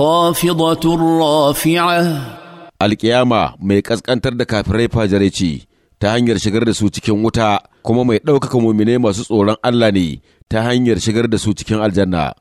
خافضة rafi'a القيامة mai ƙasƙantar da kafirai fajirai ce ta hanyar shigar da su cikin wuta kuma mai ɗaukaka mumine masu tsoron Allah ne ta hanyar shigar da su cikin aljanna